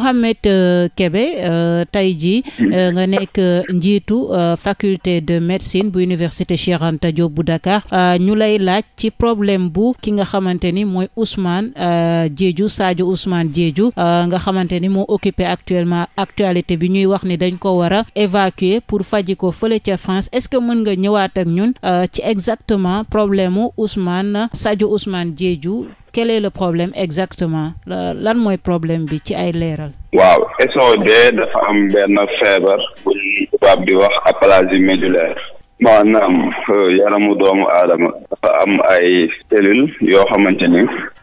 Mouhamed euh, Kébé euh, tey jii euh, nga nekk njiitu faculté de médecine bu université Cheikh Anta Diop bu Dakar ñu lay laaj ci problème bu ki nga xamante ni mooy Ousmane Diédhiou Sadio Ousmane Diédhiou nga xamante ni moo occupé actuellement actualité bi ñuy wax ni dañ ko war a évacuer pour faji ko fële ca France est-ce que mën nga ñëwaat ak ñun ci exactement problème mu Ousmane Sadio Ousmane Diédhiou quel la problème exactement lan mooy problème bi ci ay leeral. waaw SOD dafa am benn feebar bu tubaab di wax aplasie médullaire maanaam euh, yaramu doomu aadama dafa am ay cellules yoo xamante ni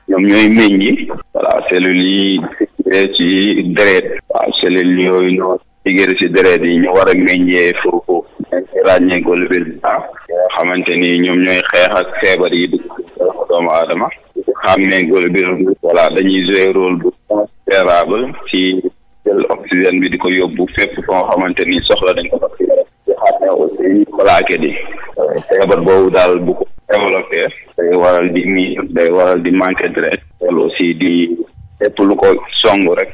ñoom ñooy meññi voilà cellules yi sécré ci deret waaw cellules yooyu ñoo sécré ci deret yi ñu war a meññee foofu dañ ci ràññee globule blanc yoo xamante ni ñoom ñooy xeex ak feebar yi dugg yaramu doomu aadama xàmmee góor bi voilà dañuy jouer rôle bu transférable ci jël oxygène bi di ko yóbbu fépp foo xamante ni soxla dañ ko parce que di xàmmee aussi plaqué di euh, feebar boobu daal bu ko développé day waral di miir day waral di manqué dret loolu aussi di lépp lu ko song rek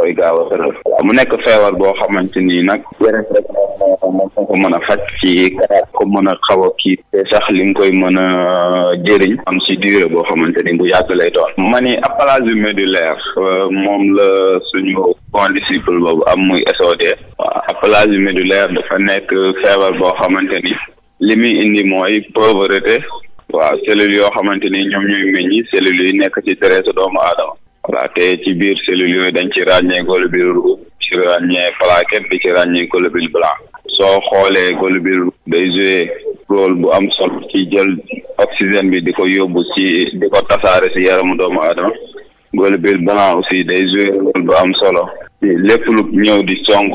koy gaaw a tëral. waaw mu nekk feebar boo xamante ni nag. yeneen rek moom moo ko mën a faj ci ko mën a xaw a kii te sax li nga koy mën a jëriñ. am si durée boo xamante ni bu yàgg lay doon. ma ni aplasie médullaire euh, moom la suñu condisciple boobu am muy SOD. waaw yu médullaire dafa nekk feebar boo xamante ni li muy indi mooy pauvreté. waaw cellules yoo xamante ni ñoom ñooy meññi cellules yi nekk ci deretu doomu aadama. voilà te ci biir cellules yooyu dañ ci ràññee globule rouge ci ràññee plaquette bi ci ràññee globule blanc soo xoolee globule rouge day joué rôle bu am solo ci jël oxygène bi di ko yóbbu ci di ko tasaare si yaramu doomu aadama globule blanc aussi day joué rôle bu am solo lépp lu ñëw di song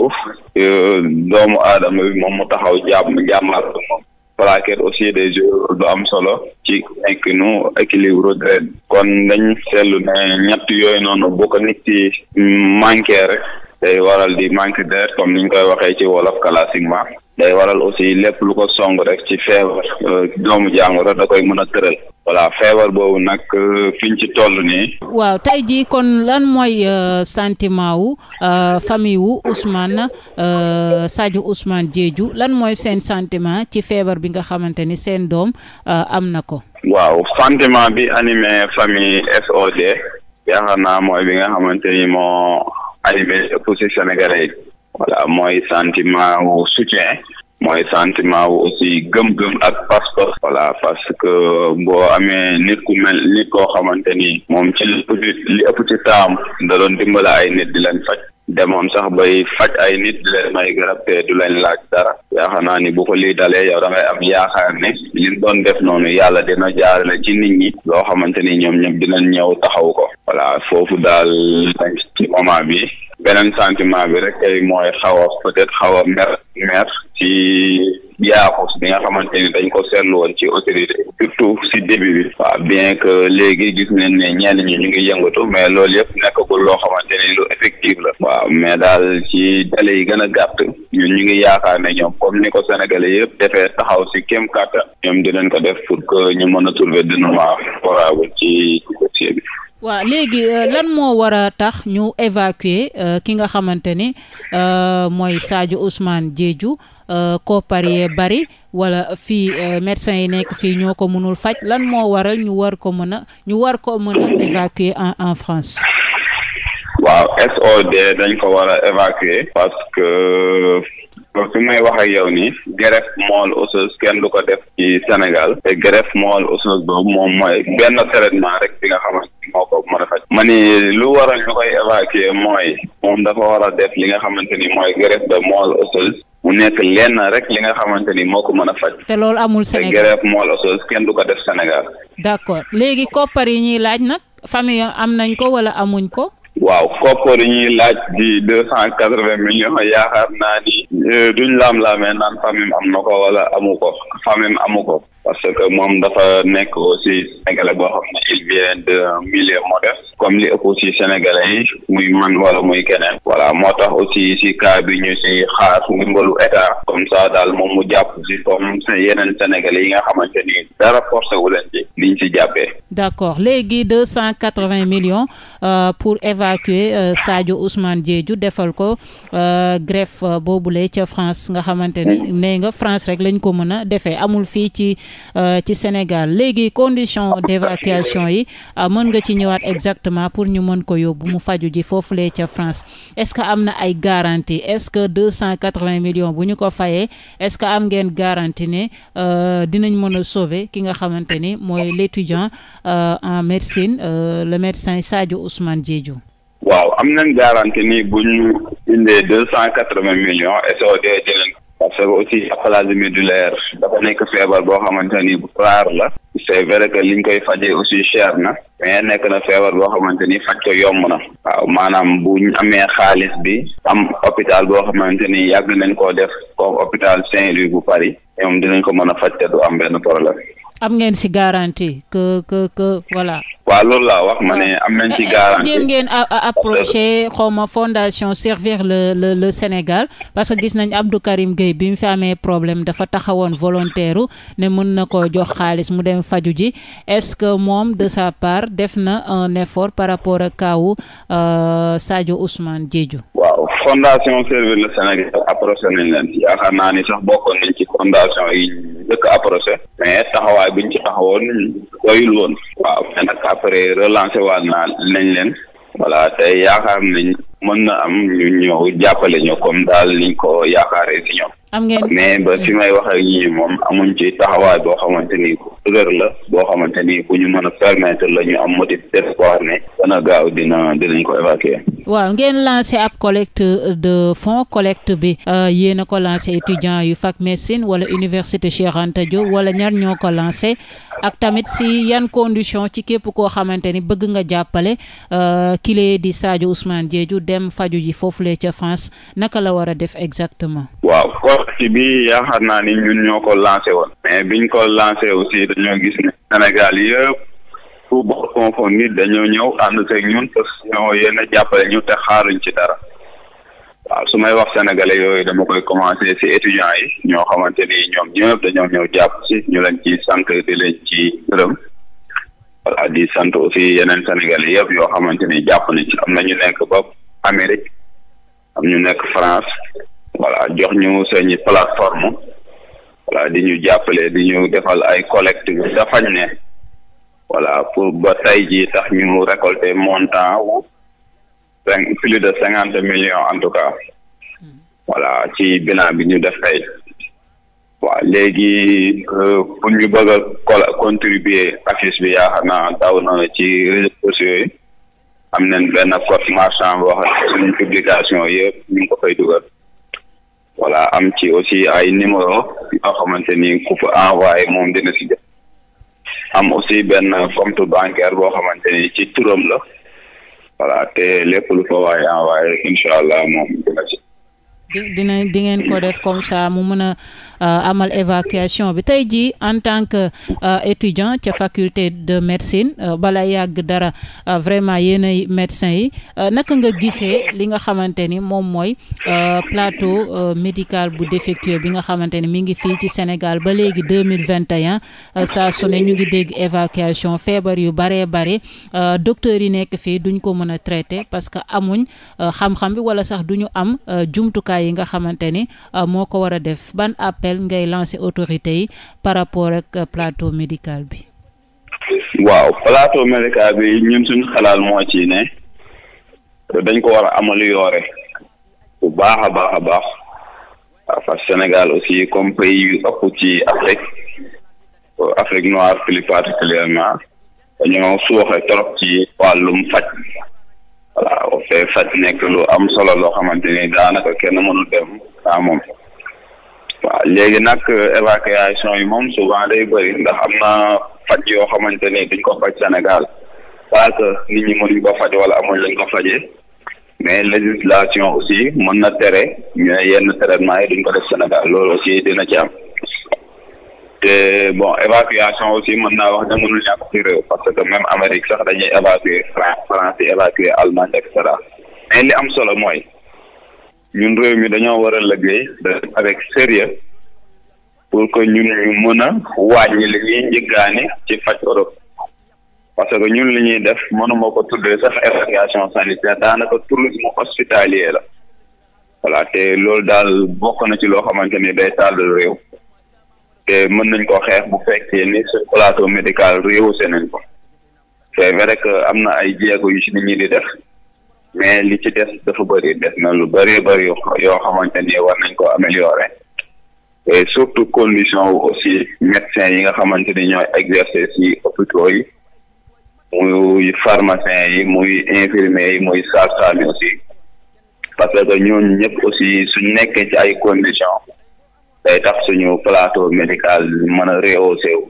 euh, doomu aadama bi moom mu taxaw jàmm jàmmal moom plaquettes aussi des joueurs du am solo ci nekk nu équilibre draine kon dañ seetlu ne ñett yooyu noonu boo ko nit ci manqué rek day waral di manque d'air comme ni ñu koy waxee ci wolof classiquement day waral aussi lépp lu ko song rek ci feebar euh, doomu jàngoro da koy mën a tëral voilà feebar boobu nag euh, fi ci toll ni waaw tey jii kon lan mooy euh, sentiment wu euh, famille wu Ousmane Sadio Ousmane Diédhiou lan mooy seen sentiment ci feebar bi nga xamante ni seen doom am na ko. waaw sentiment bi animé famille SOD yaakaar naa mooy bi nga xamante ni moo animé ëpp si Sénégalais yi. mooy sentiment wu soutien. mooy sentiment wu aussi gëm-gëm ak pas-pas. parce que boo amee nit ku mel nit koo xamante ni moom ci li li ëpp ci taam da doon dimbala ay nit di leen faj demoon sax bay faj ay nit di leen may garab te du leen laaj dara yaakaar naa ni bu ko lii dalee yow da ngay am yaakaar ne li doon def noonu yàlla dina jaarale ci nit ñi loo xamante ni ñoom ñëpp dinañ ñëw taxaw ko voilà foofu daal ci moment bi. beneen sentiment bi rek tey mooy xaw a peut-être xaw a mer mer ci yaaxus bi nga xamante ni dañ ko seetlu woon ci autorité surtout si début bi waaw bien que léegi gis nañ ne ñenn ñi ñu ngi yëngatu mais loolu yëpp nekkagul loo xamante ni lu effectif la waaw mais daal ci délai yi gën a gàtt ñun ñu ngi yaakaar ne ñoom comme ni ko sénégalais yëpp defee taxaw si kem kàttan ñoom dinañ ko def pour que ñu mën a trouver dénouement favorable ci dossier bi waaw léegi euh, lan moo war a tax ñu évacuer euh, ki nga xamante ni euh, mooy Sadio Ousmane jéeju koppar yee bari wala fii médecins yi nekk fii ñoo ko mënul faj lan moo waral ñu war ko mën a ñu war ko mën a en en France. waaw SOD dañ ko war a évacuer parce que. donc fi may wax yow nii greffe moelle osseuse kenn du ko def ci Sénégal te greffe moelle osseuse boobu moom mooy benn traitement rek bi nga xamante ma ni lu waral ñu koy évacuer mooy moom dafa war a def li nga xamante ni mooy greffe de moelle osseuse mu nekk lenn rek li nga xamante ni moo ko mën a faj. te lool amul Sénégal te greffe moelle kenn du ko def Sénégal. d'accord léegi koppar yi ñuy laaj nag famille am nañ ko wala amuñ ko. waaw koppar yi ñuy laaj di deux cent quatre vingt millions yaakaar naa ni euh, duñ laam-laamee naan famille am na ko wala amu ko famille amu ko parce que moom dafa nekk aussi sénégalais boo xam ne il vient de milieu comme li ëpp aussi sénégalais yi muy man wala muy keneen voilà moo tax aussi si cas bi ñu si xaar ndimbalu état comme ça daal moom mu jàpp si comme yeneen sénégalais yi nga xamante ni dara forcé wu leen ci liñ si jàppee. d'accord léegi deux cent quatre-vingts million euh, pour évacuer euh, Sadio Ousmane Diédhiou defal ko euh, boobu boobule ca France nga xamante ne mm. nee nga France rek lañ ko mën a defee amul fii Euh, ci Sénégal léegi condition ah, d'évacuation yi euh, mën nga ci ñëwaat exactement pour ñu mën ko yóbbu mu faju ji foofu foofulee ca France est-ce que am na ay garantie est-ce que deux cent quatre-vingts millions bu ñu ko fayee est-ce que am ngeen garantie ne euh, dinañ mën a sauver ki nga xamante ni mooy l'étudiant en médecine le médecin Sadio Ousmane Diédhiou waaw am nañ garantie ni bu ñu indee deux cent quatre-vingts parce que aussi aplasie du leer dafa nekk feebar boo xamante nii bu rare la c'est vrai que liñ koy fajee aussi cher na mais nekk na feebar boo xamante ni faj ko yomb na waaw maanaam bu ñu amee xaalis bi am hôpital boo xamante ni yàgg nañ koo def comme hôpital Saint-Louis bu Paris ñoom dinañ ko mën a faj te du am benn problème am ngeen si garantie que que que voilà. loolu laa wax ma ne am nañ ci eh, eh, garantie jéem ngeen approché xawma fondation servir le le le Sénégal parce que gis nañ Abdou Karim Gueye bi mu fi amee problème dafa taxawoon volontaire ne mën na ko jox xaalis mu dem faju ji est-ce que moom de sa part def na un effort par rapport ak kaawu euh, Sadio Ousmane Diédhiou waaw fondation Servir le Sénégal approché nañ leen ci yaakaar naa ni sax bokkoon nañ ci fondation yi njëkk approché mais taxawaay ñu ci taxawoon doyul woon waaw mais nag après relancé waat naa nañ leen voilà te yaakaar nañ mën na am ñu ñëw jàppale ñu comme daal liñ ko yaakaaree si ñoom. am ngeen mais ba fi may wax ak ñi moom amuñ ci taxawaay boo xamante ni ku boo xamante ku ñu mën a permettre la ñu am motif d'espoir ko évacuer. waaw ngeen de fonds collecte bi euh, yéen ko lancé étudiants yu fac médecine wala université Cheikh Anta Diop wala ñaar ñoo ko lancé ak tamit si yan condition ci képp koo xamante bëgg nga jàppale euh, kile di Sadio Ousmane Diédhiou. dem faju ji foofu foofulee ca France naka la war a def exactement. waaw collectif bi yaakaar naa ni ñun ñoo ko lancé woon. mais biñ ko lancé aussi dañoo gis ne Sénégal yëpp pour bokk confond dañoo ñëw ànd ak ñun parce que jàppale ñu te xaaruñ ci dara. waaw su may wax sénégalais yooyu dama koy commencé ci étudiants yi ñoo xamante ni ñoom ñëpp dañoo ñëw jàpp ci ñu leen ci sant di leen ci gërëm voilà di sant aussi yeneen sénégalais yëpp yoo xamante ni jàpp na am na ñu nekk ba Amérique am ñu nekk France voilà jox ñu seeni plateforme voilà di ñu jàppale di ñu defal ay collecte dafañ ne wala pour ba tey jii tax ñu récolter montant wu cinq plus de cinquante millions en tout cas voilà ci bilan bi ñu def tey waaw léegi euh, pour ñu bëgg a contribuer affiche bi yaakaar naa daw na ci réseaux sociaux am na benn code marchand boo xam ne suñu publication yëpp ñu ngi ko fay dugal voilà am ci aussi ay numéro yoo xamante ni ku ko envoyé moom dina si jot am aussi benn compte bancaire boo xamante ni ci turam la wala te lépp lu ko waaye envoyé incha allah moom dina si dina di ngeen ko def comme ça mu mën a euh, amal évacuation bi tey jii en tant que euh, étudiant ca faculté de médecine euh, bala yàgg dara vraiment yéenay médecin yi naka nga gisee li nga xamante ni moom mooy plateau médical bu défectueux bi nga xamante ni mi ngi fii ci Sénégal ba léegi deux mille vingt et un saa su ñu ngi dégg évacuation feebar yu baree bare docteurs yi nekk fii duñ ko mën a traiter parce que amuñ xam-xam bi wala sax duñu am jumtukaay jumtukaay yi nga xamante ni euh, moo ko war a def ban appel ngay lancer autorité yi par rapport ak euh, plateau médical bi. waaw plateau médical bi ñun suñu xalaat moo ci ne dañ ko war a améliorer bu baax a baax a baax parce Sénégal aussi comme pays ëpp ci Afrique euh, Afrique noire plus particulièrement dañoo suuxe trop ci wàllum faj. foofee faj nekk lu am solo loo xamante ni daanaka kenn mënul dem saa moom waaw léegi nag euh, évacuation yi moom souvent day bëri ndax am na faj yoo xamante ni duñ ko faj Sénégal parce ni nit ñi mënuñ ko faj wala amuñ lañ ko fajee mais législation aussi mën na tere ñu yenn traitement yi duñ ko def Sénégal loolu aussi dina ci am. te bon évacuation aussi mën naa wax ne mënul ñàkk ci réew parce que même Amérique sax dañuy évacuer France France yi évacuer Allemagne et cetera mais li am solo mooy ñun réew mi dañoo war a liggéey avec sérieux pour que ñun ñu mën a wàññi li ñuy njëggaani ci faj Europe parce que ñun li ñuy def mënuma ko tuddee sax évacuation sanitaire daanaka tourisme hospitalier la wala te loolu daal bokk na ci loo xamante ni day taal réew. te mën nañ ko xeex bu fekkee ni suñ plateau médical rehaussé nañ ko c'est vrai que am na ay jéego yu ci nit ñi di def mais li ci des dafa bëri def na lu bëri bëri yoo xamante ni war nañ ko améliorer et surtout condition aussi médecins yi nga xamante ni ñooy exercer ci hôpitaux yi muy pharmacien yi muy infirmier yi muy sage-femme yi aussi parce que ñooñu ñëpp aussi suñ nekkee ci ay conditions suñu plateau médical mën a rehaussé wu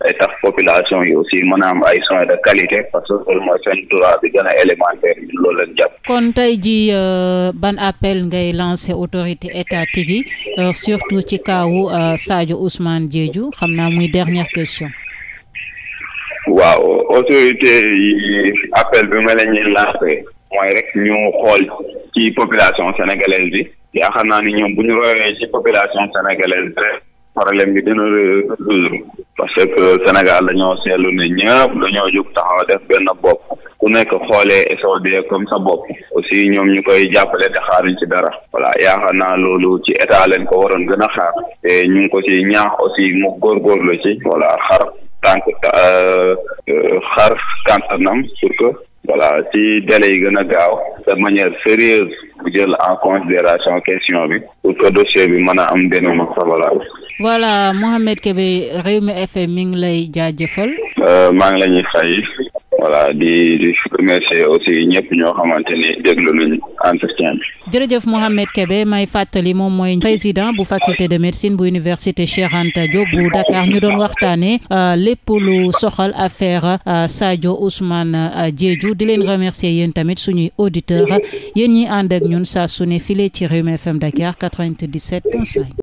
day tax population yi aussi mën a am ay soins de qualité parce que loolu mooy seen droit bi gën a élémentaire ñun loolu jàpp. kon tey jii euh, ban appel ngay lancé autorité étatique yi euh, surtout ci kaawu euh, Sadio Ousmane Diédhiou xam naa muy dernière question. waaw autorité yi appel bi ma la ñuy mooy rek ñu xool. ci population sénégalaise bi yaakaar naa ni ñoom bu ñu royee ci population sénégalaise bi rek problème bi dina résoudre parce que Sénégal dañoo seetlu ne ñëpp dañoo jóg taxaw def benn bopp ku nekk xoolee SOD comme sa bopp aussi ñoom ñu koy jàppale te xaaruñ ci dara voilà yaakaar naa loolu ci état leen ko waroon gën a xaar te ñu ngi ko ci ñaax aussi mu góorgóorlu ci voilà xar tànk euh, euh, xar tàntanam pour que voilà ci délai yi gën a gaaw de manière sérieuse bu jël en considération question bi pour que dossier bi man a am dénouement favorable. voilà Mouhamed Kébé Rewmi FM mi ngi lay jaajëfal. Euh, maa ngi la ñuy fay. voilà di di remercier aussi ñëpp ñoo xamante ni déglu nañu entretien bi. jërëjëf Mouhamed Kébé may fàttali moom mooy président bu faculté de médecine bu université Cheikh Anta Diop Dakar ñu doon waxtaanee euh, lépp lu soxal affaire euh, Sadio Ousmane euh, Diédhiou di leen remercier yéen tamit suñuy auditeurs yéen ñi ànd ak ñun saa su ne file ci Rewmi FM Dakar 97.5.